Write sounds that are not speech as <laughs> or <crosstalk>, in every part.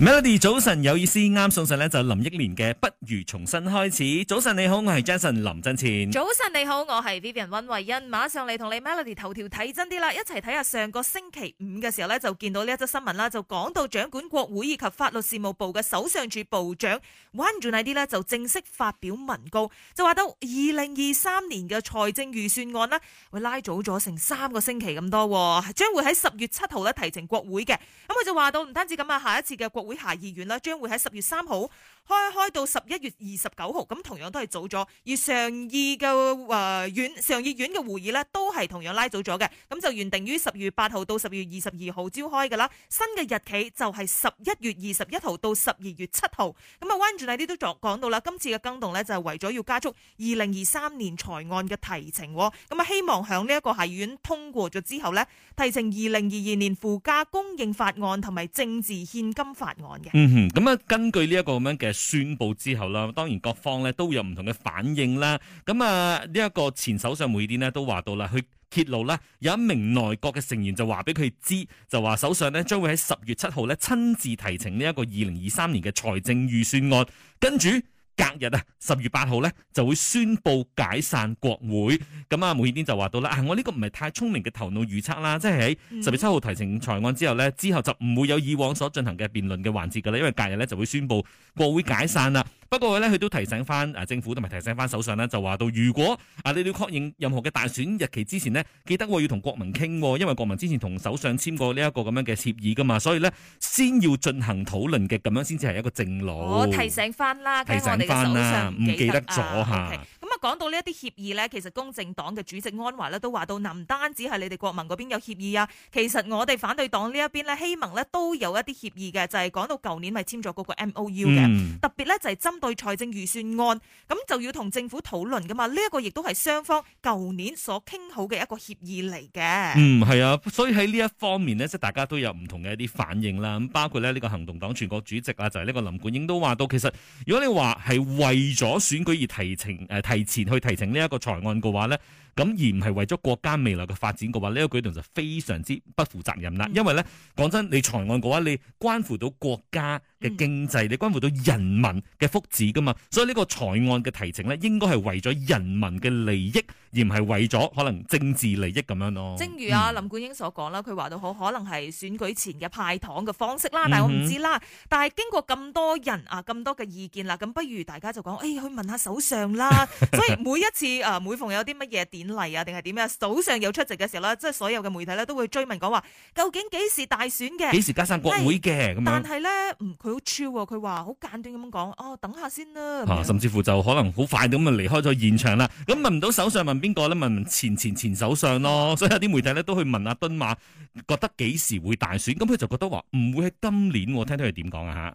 Melody 早晨，有意思啱送上咧，就林憶蓮嘅不如重新開始。早晨你好，我係 Jason 林振前。早晨你好，我係 Vivian 溫慧欣，馬上嚟同你 Melody 頭條睇真啲啦，一齊睇下上個星期五嘅時候咧，就見到呢一則新聞啦，就講到掌管國會以及法律事務部嘅首相署部長 Wan Junaidi 呢，就正式發表文告，就話到二零二三年嘅財政預算案啦，會拉早咗成三個星期咁多，將會喺十月七號咧提呈國會嘅。咁佢就話到唔單止咁啊，下一次嘅國會下議院啦，將會喺十月三號開開到十一月二十九號，咁同樣都係早咗。而上議嘅誒院上議院嘅會議咧，都係同樣拉早咗嘅。咁就原定於十月八號到十月二十二號召開嘅啦，新嘅日期就係十一月二十一號到十二月七號。咁啊，溫俊禮呢都作講到啦，今次嘅更動呢，就係為咗要加速二零二三年財案嘅提呈，咁啊，希望響呢一個下議院通過咗之後呢，提呈二零二二年附加供應法案同埋政治獻金法。嗯哼，咁啊，根據呢一個咁樣嘅宣布之後啦，當然各方咧都有唔同嘅反應啦。咁啊，呢一個前首相梅迪呢都話到啦，去揭露呢有一名內閣嘅成員就話俾佢知，就話首相呢將會喺十月七號呢親自提呈呢一個二零二三年嘅財政預算案，跟住。隔日啊，十月八號咧就會宣布解散國會。咁、嗯、啊，毛曉軒就話到啦，我呢個唔係太聰明嘅頭腦預測啦，即係喺十月七號提呈裁案之後咧，之後就唔會有以往所進行嘅辯論嘅環節噶啦，因為隔日咧就會宣布國會解散啦。不過佢都提醒翻啊政府同埋提醒翻首相呢，就話到如果啊你哋要確認任何嘅大選日期之前呢，記得我要同國民傾，因為國民之前同首相簽過呢一個咁樣嘅協議噶嘛，所以呢先要進行討論嘅，咁樣先至係一個正路。我提醒翻啦，提醒我哋嘅首相唔記得咗嚇。咁啊講，okay，到呢一啲協議呢，其實公正黨嘅主席安華呢都話到，唔單止係你哋國民嗰邊有協議啊，其實我哋反對黨呢一邊呢，希盟呢都有一啲協議嘅，就係、是，講到舊年咪簽咗嗰個 M O U 嘅，嗯，特別呢，就係針。對財政預算案咁就要同政府討論噶嘛。呢、這、一個亦都係雙方舊年所傾好嘅一個協議嚟嘅。嗯，係啊，所以喺呢一方面呢，即係大家都有唔同嘅一啲反應啦。咁包括咧呢個行動黨全國主席啊，就係、是、呢個林冠英都話到，其實如果你話係為咗選舉而提呈誒、呃、提前去提呈呢一個財案嘅話呢，咁而唔係為咗國家未來嘅發展嘅話，呢一個舉動就非常之不負責任啦。因為咧，講真，你財案嘅話，你關乎到國家嘅經濟，你關乎到人民嘅福祉噶嘛。所以呢個財案嘅提呈咧，應該係為咗人民嘅利益，而唔係為咗可能政治利益咁樣咯。正如阿林冠英所講啦，佢話到好可能係選舉前嘅派糖嘅方式啦，但係我唔知啦。但係經過咁多人啊咁多嘅意見啦，咁不如大家就講，誒去問下首相啦。所以每一次啊，每逢有啲乜嘢電，嚟啊，定係點啊？早上有出席嘅時候咧，即係所有嘅媒體咧，都會追問講話，究竟幾時大選嘅？幾時解散國會嘅？咁但係咧，唔佢好 short 啊，佢話好簡短咁樣講，哦，等下先啦。啊、有甚至乎就可能好快啲咁啊離開咗現場啦。咁問唔到首相問邊個咧？問前，前前前首相咯。所以有啲媒體咧都去問阿敦馬，覺得幾時會大選？咁佢就覺得話唔會喺今年。聽聽佢點講啊？吓。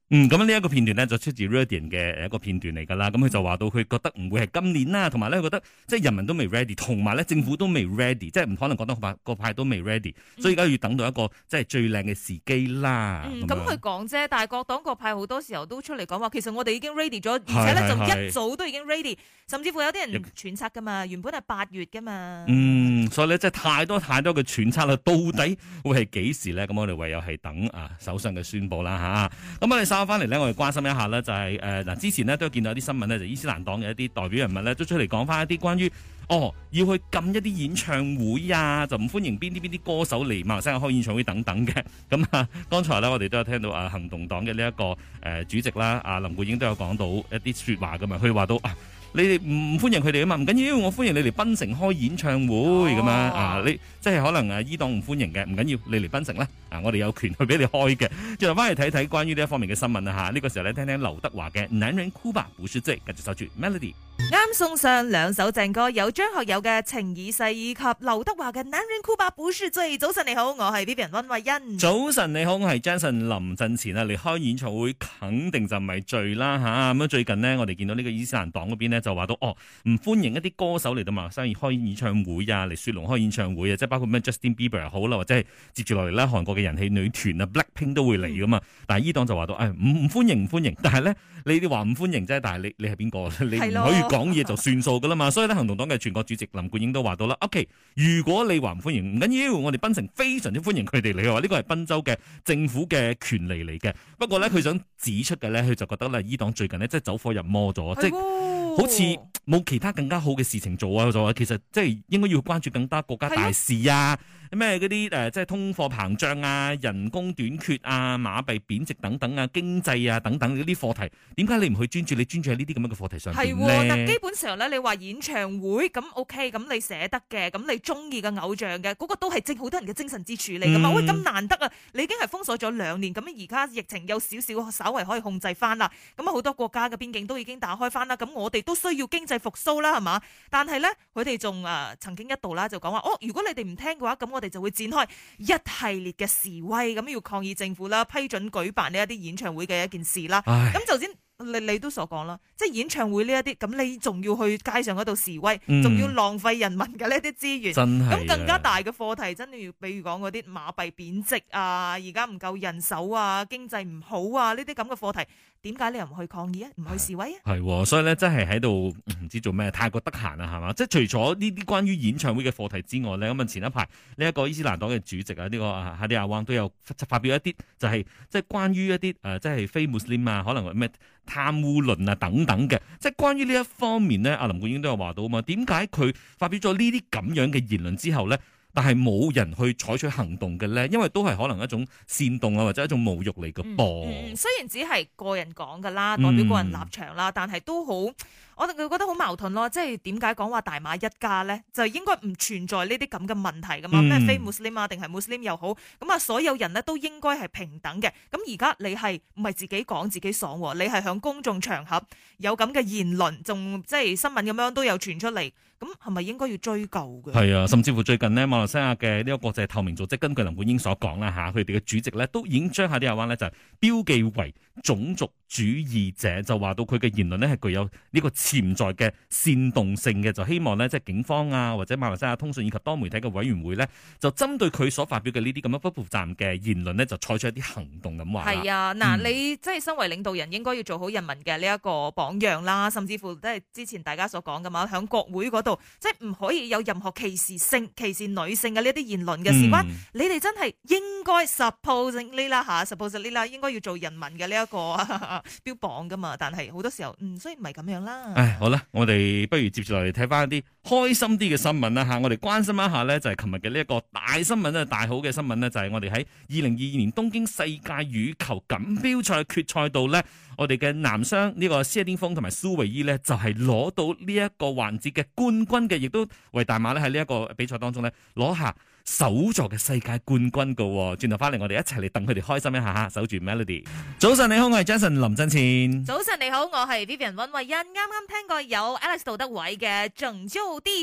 咁、嗯、呢一個片段咧就出自 r e a d y i n 嘅一個片段嚟㗎啦。咁佢就話到佢覺得唔會係今年啦、啊，同埋咧覺得即係人民都未 ready，同埋咧政府都未 ready，嗯、即係唔可能講得各派都未 ready，所以而家要等到一個即係最靚嘅時機啦。咁佢講啫，但係各黨各派好多時候都出嚟講話，其實我哋已經 ready 咗，而且咧就一早都已經 ready，甚至乎有啲人揣測㗎嘛，個原本係八月㗎嘛。嗯，所以咧即係太多太多嘅揣測啦，到底會係幾時咧？咁我哋唯有係等啊首相嘅宣佈啦嚇。咁、啊啊啊啊、我哋翻翻嚟咧，我哋關心一下咧，就係誒嗱，之前咧都有見到有啲新聞咧，就係、伊斯蘭黨嘅一啲代表人物咧，都出嚟講翻一啲關於哦，要去禁一啲演唱會啊，就唔歡迎邊啲邊啲歌手嚟馬來西亞開演唱會等等嘅。咁 <laughs> 啊、嗯，剛才咧我哋都有聽到啊，行動黨嘅呢一個誒、呃、主席啦，阿林冠英都有講到一啲說話噶嘛，佢話到啊，你哋唔歡迎佢哋啊嘛，唔緊要，我歡迎你嚟檳城開演唱會咁樣、哦、啊，你。即係可能啊，伊黨唔歡迎嘅，唔緊要，你嚟檳城啦。啊，我哋有權去俾你開嘅。最後翻嚟睇睇關於呢一方面嘅新聞啊。嚇。呢個時候咧，聽聽劉德華嘅《男人哭吧不是罪》，跟住守住 melody。啱 Mel 送上兩首正歌，有張學友嘅《情已逝》以及劉德華嘅《男人哭吧不是罪》。早晨你好，我係 B B 人温慧欣。早晨你好，我係 Jensen 林振前啊。離開演唱會肯定就唔係醉啦嚇。咁、啊啊、最近呢，我哋見到呢個伊斯蘭黨嗰邊咧就話到，哦，唔歡迎一啲歌手嚟到馬來西亞開演唱會啊，嚟雪隆開演唱會啊，即包括咩 Justin Bieber 好啦，或者係接住落嚟咧，韓國嘅人氣女團啊 Blackpink 都會嚟噶嘛。但係伊黨就話到，誒、哎、唔歡迎，唔歡迎。但係咧，你哋話唔歡迎啫。但係你，你係邊個？你唔可以講嘢就算數噶啦嘛。 <laughs> 所以咧，行動黨嘅全國主席林冠英都話到啦。O.K. 如果你話唔歡迎，唔緊要，我哋檳城非常之歡迎佢哋嚟嘅話，呢個係賓州嘅政府嘅權利嚟嘅。不過咧，佢想指出嘅咧，佢就覺得咧，伊黨最近咧即係走火入魔咗， <laughs> 即好似冇其他更加好嘅事情做啊！就話其實即係應該要關注更多國家大事啊，咩啲誒即係通貨膨脹啊、人工短缺啊、馬幣貶值等等啊、經濟啊等等呢啲課題，點解你唔去專注？你專注喺呢啲咁樣嘅課題上邊咧？但係基本上咧，你話演唱會，咁 OK，咁你捨得嘅，咁你中意嘅偶像嘅，個、嗰個都係正好多人嘅精神支柱嚟噶嘛？嗯、喂，咁難得啊！你已經係封鎖咗兩年，咁而家疫情有少少稍為可以控制翻啦，咁啊好多國家嘅邊境都已經打開翻啦，咁我哋。都需要經濟復甦啦，係嘛？但係咧，佢哋仲啊曾經一度啦，就講話哦，如果你哋唔聽嘅話，咁我哋就會展開一系列嘅示威，咁要抗議政府啦批准舉辦呢一啲演唱會嘅一件事啦。咁唉頭先，你你都所講啦，即係演唱會呢一啲，咁你仲要去街上嗰度示威，仲、嗯、要浪費人民嘅呢啲資源。真咁的更加大嘅課題，真係要，比如講嗰啲馬幣貶值啊，而家唔夠人手啊，經濟唔好啊，呢啲咁嘅課題。點解你又唔去抗議啊？唔去示威啊？係， <music> 所以咧真係喺度唔知做咩，太過得閒啦，係嘛？即係除咗呢啲關於演唱會嘅課題之外咧，咁啊前一排呢一、這個伊斯蘭黨嘅主席啊，呢、這個啊哈迪亞旺都有發表一啲就係即係關於一啲誒即係非穆斯林啊，可能咩貪污論啊等等嘅，即、就、係、是、關於呢一方面咧，阿林冠英都有話到啊嘛，點解佢發表咗呢啲咁樣嘅言論之後咧？但係冇人去採取行動嘅咧，因為都係可能一種煽動啊，或者一種侮辱嚟嘅噃。嗯，雖然只係個人講㗎啦，代表個人立場啦，嗯、但係都好。我覺得好矛盾咯，即係點解講話大馬一家咧？就應該唔存在呢啲咁嘅問題㗎嘛？咩、嗯、非穆斯林啊，定係穆斯林又好，咁啊，所有人咧都應該係平等嘅。咁而家你係唔係自己講自己爽？你係響公眾場合有咁嘅言論，仲即係新聞咁樣都有傳出嚟，咁係咪應該要追究嘅？係啊、嗯，甚至乎最近呢，馬來西亞嘅呢個國際透明組織根據林冠英所講啦吓，佢哋嘅主席咧都已經將下啲阿灣咧就係、標記為種族主義者，就話到佢嘅言論咧係具有呢、呢個，潛在嘅煽動性嘅，就希望咧，即係警方啊，或者馬來西亞通訊以及多媒體嘅委員會呢，就針對佢所發表嘅呢啲咁樣不負責嘅言論呢，就採取一啲行動咁話。係啊，嗱，嗯、你即係身為領導人，應該要做好人民嘅呢一個榜樣啦，甚至乎即係之前大家所講㗎嘛，喺國會嗰度，即係唔可以有任何歧視性、歧視女性嘅呢啲言論嘅事關，嗯、你哋真係應該 suppose 呢啦嚇，suppose 呢啦，ly，應該要做人民嘅呢一個 <laughs> 標榜噶嘛，但係好多時候，嗯，所以唔係咁樣啦。唉，好啦，我哋不如接住嚟睇翻一啲開心啲嘅新聞啦吓、啊，我哋關心一下咧，就係琴日嘅呢一個大新聞咧，大好嘅新聞呢，就係、是、我哋喺二零二二年東京世界羽球錦標賽決賽度呢，我哋嘅男雙呢個謝定峰同埋蘇偉伊呢，就係、是、攞到呢一個環節嘅冠軍嘅，亦都為大馬咧喺呢一個比賽當中呢攞下。手座嘅世界冠軍嘅、哦，轉頭翻嚟我哋一齊嚟等佢哋開心一下吓，守住 Melody。早晨你好，我係 Jason 林振前。早晨你好，我係 Vivian 温慧欣。啱啱聽過有 Alex 杜德偉嘅《靜悄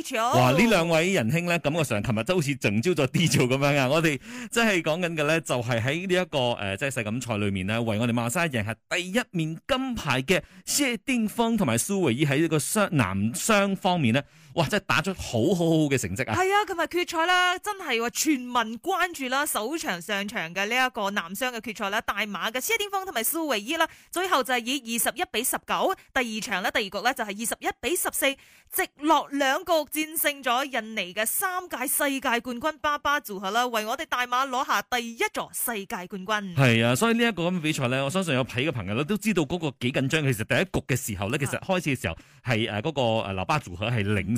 悄》。哇，呢兩位仁兄咧，感覺上琴日都好似靜悄悄咗啲咁樣啊！我哋真係講緊嘅咧，就係喺呢一個誒，即係世錦賽裏面呢，為我哋馬莎贏係第一面金牌嘅薛霆峰同埋蘇維依喺呢個雙男雙方面呢。哇！真係打出好好好嘅成績啊！係啊，今日決賽啦，真係話全民關注啦，首場上場嘅呢一個男雙嘅決賽啦，大馬嘅謝定峰同埋蘇維伊啦，e, 最後就係以二十一比十九，第二場呢，第二局呢，就係二十一比十四，直落兩局戰勝咗印尼嘅三屆世界冠軍巴巴祖克啦，為我哋大馬攞下第一座世界冠軍。係啊，所以呢一個咁嘅比賽呢，我相信有睇嘅朋友咧都知道嗰個幾緊張。其實第一局嘅時候呢，其實開始嘅時候係誒嗰個誒巴巴祖克係領。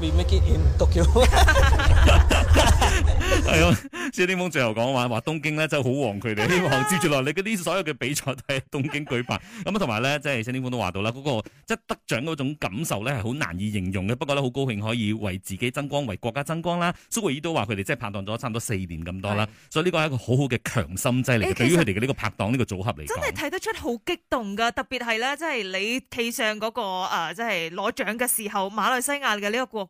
未啊！謝、 <laughs> <laughs> 嗯、定峰最後講話話東京咧真係好旺佢哋，希望接住落嚟嗰啲所有嘅比賽都喺東京舉辦咁啊！同埋咧，即係謝定峰都話到啦，嗰、那個即係得獎嗰種感受咧係好難以形容嘅。不過咧，好高興可以為自己爭光，為國家爭光啦。蘇偉譯都話佢哋即係拍檔咗差唔多四年咁多啦，是所以呢個係一個好好嘅強心劑嚟嘅，欸、對於佢哋嘅呢個拍檔呢、這個組合嚟嘅，真係睇得出好激動㗎！特別係咧，即、就、係、是、你企上嗰、那個即係攞獎嘅時候，馬來西亞嘅呢個國。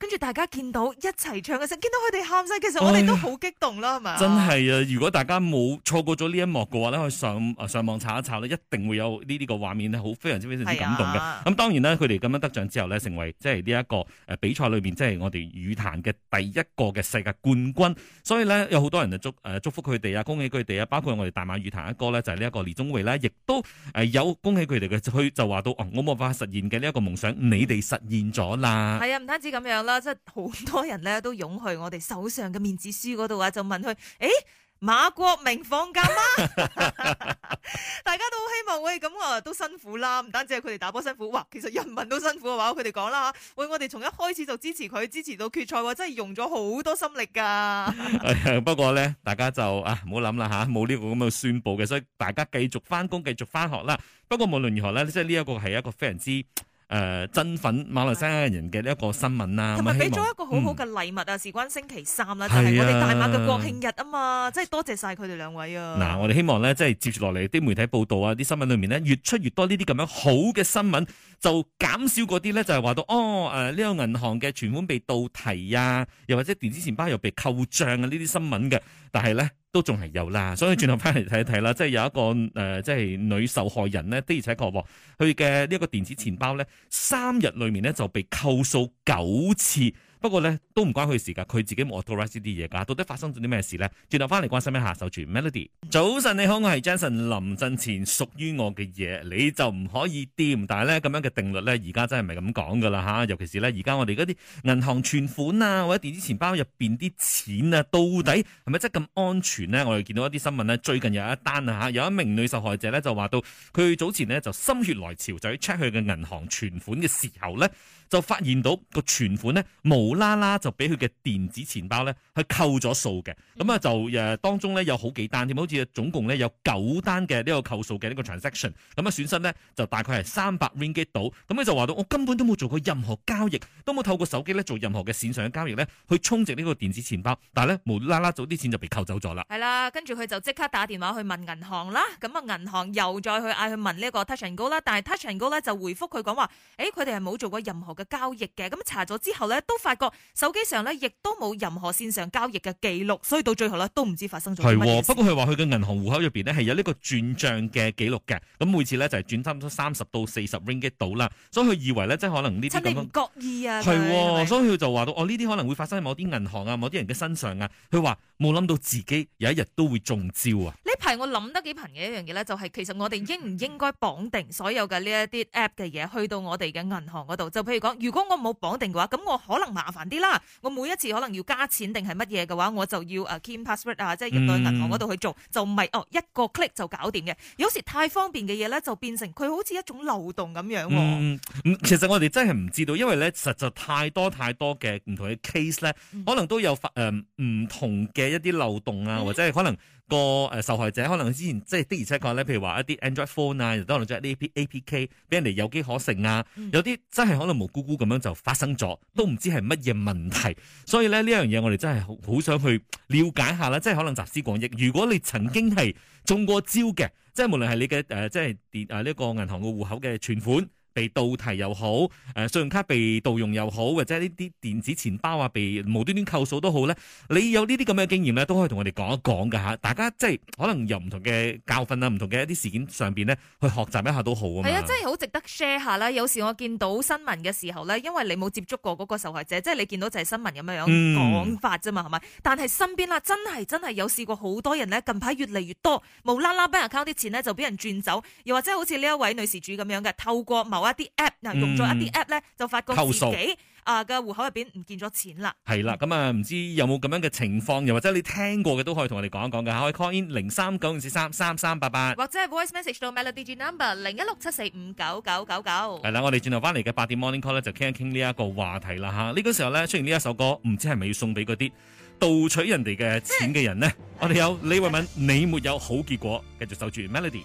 跟住大家見到一齊唱嘅時候，見到佢哋喊聲，其實我哋都好激動啦，係嘛唉？吧真係啊！如果大家冇錯過咗呢一幕嘅話咧，去上上網查一查咧，一定會有呢啲個畫面咧，好非常之非常之感動嘅。咁、啊、當然啦，佢哋咁樣得獎之後咧，成為即係呢一個誒比賽裏邊，即、就、係、是、我哋羽壇嘅第一個嘅世界冠軍。所以咧，有好多人啊祝誒祝福佢哋啊，恭喜佢哋啊，包括我哋大馬羽壇一哥咧，就係呢一個李宗偉咧，亦都誒有恭喜佢哋嘅，就去就話到、啊、我冇辦法實現嘅呢一個夢想，你哋實現咗啦。係啊，唔單止咁樣啦。即係真係好多人咧都湧去我哋手上嘅面子書嗰度啊，就問佢，誒、欸，馬國明放假嗎？ <laughs> 大家都好希望，喂、欸，咁啊都辛苦啦，唔單止係佢哋打波辛苦，哇，其實人民都辛苦嘅話，佢哋講啦，喂、欸，我哋從一開始就支持佢，支持到決賽，真係用咗好多心力㗎。 <laughs> <laughs> 不過咧，大家就啊，唔好諗啦吓，冇、啊、呢個咁嘅宣布嘅，所以大家繼續翻工，繼續翻學啦。不過無論如何咧，即係呢一個係一個非常之。誒，振奮、呃、馬來西亞人嘅呢一個新聞啦、啊，同埋俾咗一個好好嘅禮物啊！嗯、事關星期三啦、啊，就係、是、我哋大馬嘅國慶日啊嘛，即係、啊、多謝晒佢哋兩位啊！嗱，我哋希望咧，即係接住落嚟啲媒體報道啊，啲新聞裏面咧越出越多呢啲咁樣的好嘅新聞，就減少嗰啲咧就係、是、話到哦，誒、呃、呢、這個銀行嘅存款被盜提啊，又或者電子錢包又被扣賬啊呢啲新聞嘅，但係咧。都仲係有啦，所以轉頭翻嚟睇一睇啦，即係有一個誒、呃，即係女受害人咧，的而且確喎，佢嘅呢一個電子錢包咧，三日裏面咧就被扣數九次。不過咧都唔關佢事噶，佢自己冇 authorize 呢啲嘢噶，到底發生咗啲咩事呢？轉頭翻嚟關心一下，手住 melody。Mel 早晨，你好，我係 Jason 臨陣前屬於我嘅嘢，你就唔可以掂。但係咧咁樣嘅定律咧，而家真係唔係咁講噶啦吓，尤其是咧而家我哋嗰啲銀行存款啊，或者電子錢包入邊啲錢啊，到底係咪真係咁安全呢？我哋見到一啲新聞呢，最近有一單啊吓，有一名女受害者咧就話到，佢早前呢，就心血來潮就去出去嘅銀行存款嘅時候咧，就發現到個存款呢。無。無啦啦就俾佢嘅電子錢包咧，去扣咗數嘅。咁啊就誒當中咧有好幾單添，好似總共咧有九單嘅呢個扣數嘅呢個 transaction。咁啊損失呢，就大概係三百 ringgit 到。咁佢就話到我根本都冇做過任何交易，都冇透過手機咧做任何嘅線上嘅交易咧去充值呢個電子錢包。但係咧無啦啦早啲錢就被扣走咗啦。係啦，跟住佢就即刻打電話去問銀行啦。咁啊銀行又再去嗌佢問呢個 Touch 'n Go 啦。但係 Touch 'n Go 咧就回覆佢講話，誒佢哋係冇做過任何嘅交易嘅。咁查咗之後咧都發。手機上咧，亦都冇任何線上交易嘅記錄，所以到最後咧都唔知發生咗咩事。不過佢話佢嘅銀行戶口入邊呢，係有呢個轉賬嘅記錄嘅，咁每次呢，就係轉差唔多三十到四十 ringgit 到啦，所以佢以為呢，即係可能呢啲咁樣，唔覺意啊，哦、是是所以佢就話到哦呢啲可能會發生喺某啲銀行啊、某啲人嘅身上啊，佢話冇諗到自己有一日都會中招啊。呢排我諗得幾頻嘅一樣嘢呢，就係、是、其實我哋應唔應該綁定所有嘅呢一啲 app 嘅嘢去到我哋嘅銀行嗰度？就譬如講，如果我冇綁定嘅話，咁我可能馬麻煩啲啦，我每一次可能要加錢定係乜嘢嘅話，我就要誒 key password 啊，即係入到銀行嗰度去做，嗯、就唔係哦一個 click 就搞掂嘅。有時太方便嘅嘢咧，就變成佢好似一種漏洞咁樣、哦。嗯，其實我哋真係唔知道，因為咧，實在太多太多嘅唔同嘅 case 咧，可能都有誒唔同嘅一啲漏洞啊，或者係可能。個誒受害者可能之前即係的而且確咧，譬如話一啲 Android phone 啊，又當中咗呢啲 APK，俾人哋有機可乘啊，有啲真係可能無辜辜咁樣就發生咗，都唔知係乜嘢問題。所以咧，呢樣嘢我哋真係好想去了解下啦，即係可能集思廣益，如果你曾經係中過招嘅，即係無論係你嘅誒、呃，即係電呢個銀行嘅戶口嘅存款。被盜提又好，誒、呃、信用卡被盜用又好，或者呢啲電子錢包啊被無端端扣數都好咧，你有呢啲咁嘅經驗咧，都可以同我哋講一講㗎吓。大家即、就、係、是、可能有唔同嘅教訓啊，唔同嘅一啲事件上邊呢，去學習一下都好啊。係啊，真係好值得 share 下啦。有時我見到新聞嘅時候咧，因為你冇接觸過嗰個受害者，即係你見到就係新聞咁樣樣講法啫嘛，係咪、嗯？但係身邊啊，真係真係有試過好多人呢，近排越嚟越多，無啦啦俾人交啲錢呢，就俾人轉走，又或者好似呢一位女事主咁樣嘅，透過某一啲 app，嗱用咗一啲 app 咧、嗯，就發覺自己啊嘅戶口入邊唔見咗錢啦。係啦，咁、嗯、啊，唔、嗯、知有冇咁樣嘅情況，又或者你聽過嘅都可以同我哋講一講嘅吓，可以 call in 零三九五四三三三八八，或者係 voice message 到 melody number 零一六七四五九九九九。係啦，我哋轉頭翻嚟嘅八點 morning call 咧，就傾一傾呢一個話題啦吓。呢、呢個時候咧，出現呢一首歌，唔知係咪要送俾嗰啲盜取人哋嘅錢嘅人呢？嗯、我哋有李慧敏，嗯、你沒有好結果，繼續守住 melody。